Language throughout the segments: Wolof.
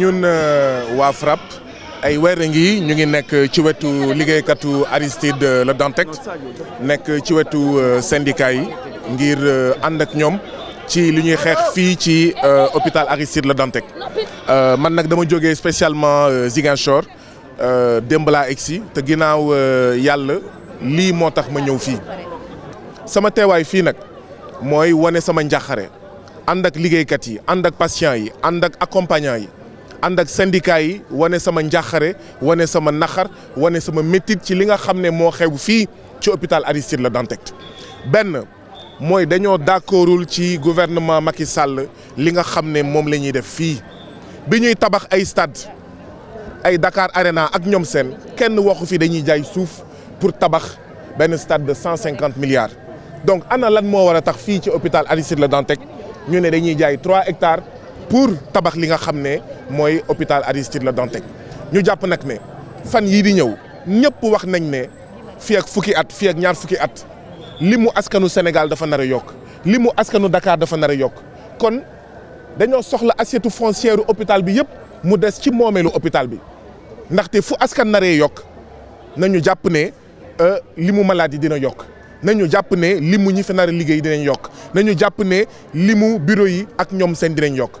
ñun euh, wa FRAPP ay weer ngi ñu ngi nek ci ligéy liggéeykatu Aristide euh, Le Dantec n'ek ci wetu euh, syndicat yi ngir and ak ñom ci li ñuy xex fi ci hôpital Aristide Le Dantec man nak dama joggé spécialement Ziganchor euh Dembla Exi te ginaaw Yalla li motax ma ñëw fi sama téway fi nak moy woné sama njàqare and ak kat yi and ak patients yi and ak accompagnants yi andak syndicat yi woné sama woné sama naxar woné sama métit ci li nga xamné mo xew ci hôpital Aristide Le d'accordul ci gouvernement Macky Sall li nga xamné mom lañuy def tabax ay stade ay Dakar Arena ak ñom kenn waxu fi dañuy jaay pour tabax en stade de 150 milliards donc ana lan mo wara a tax fi ci hôpital Aristide Le ñu dañuy trois hectares pour tabax li nga xamné moy hôpital Aristide Le Dantec ñu japp nak ne fan yi di ñew ñepp wax nañ né fi ak fukki at fi ak ñaar fukki at Limu askanu Sénégal dafa nar yok limu askanu Dakar dafa nar yok kon dañoo soxla assiette foncière hôpital bi yépp mu dess ci momelu hôpital bi té fu askan naree yok euh, nañu jàpp ne li mu maladie dina yok. nañu japp né limu ñi fi nar liggéey dinañ yok nañu japp né limu bureau yi ak ñom seen dinañ yok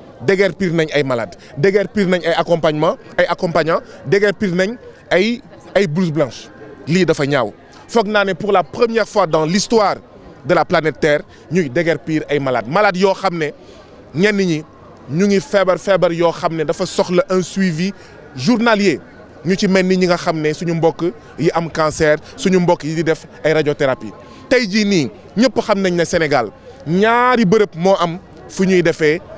déguerpir nañ ay malades déguerpir nañ ay accompagnement ay accompagnants déguerpir nañ ay ay blouses blanches lii dafa ñaaw foog naa ne pour la première fois dans l'histoire de la planète Terre ñuy déguerpir ay malades malades yoo xam ne ñenn ñi ñu ngi feebar feebar yoo xam ne dafa soxla un suivi journalier ñu ci mel ni ñi nga xam ne suñu mbokk yi am cancer suñu mbokk yi di def ay radiothérapie tey jii nii ñëpp xam nañ ne Sénégal ñaari bërëb moo am fu ñuy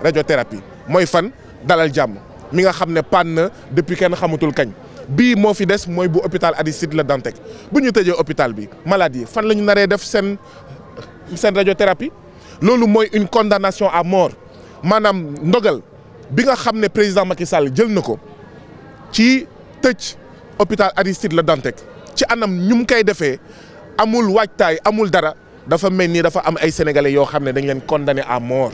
radiothérapie moy fan dalal jam mi nga xamné ne panne na depuis kenn xamatul kañ bi moo fi des mooy bu hôpital Aristide Le dantek buñu ñu hôpital bi malade yi fan lañu naré def sen sen radiothérapie loolu moy une condamnation à mort manam ndogal bi nga xamné président Macky Sall jël nako ci tëj hôpital Aristide Le dantek ci anam ñum kay défé amul wajtaay amul dara dafa melni ni dafa am ay sénégalais yo xamné dañ leen condamné à mort.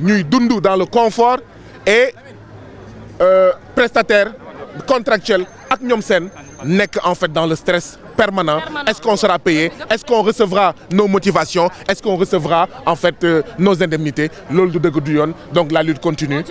Nous sommes dans le confort et euh, prestataire contractuel ak n'est en fait dans le stress permanent est-ce qu'on sera payé est-ce qu'on recevra nos motivations est-ce qu'on recevra en fait euh, nos indemnités l'ol de donc la lutte continue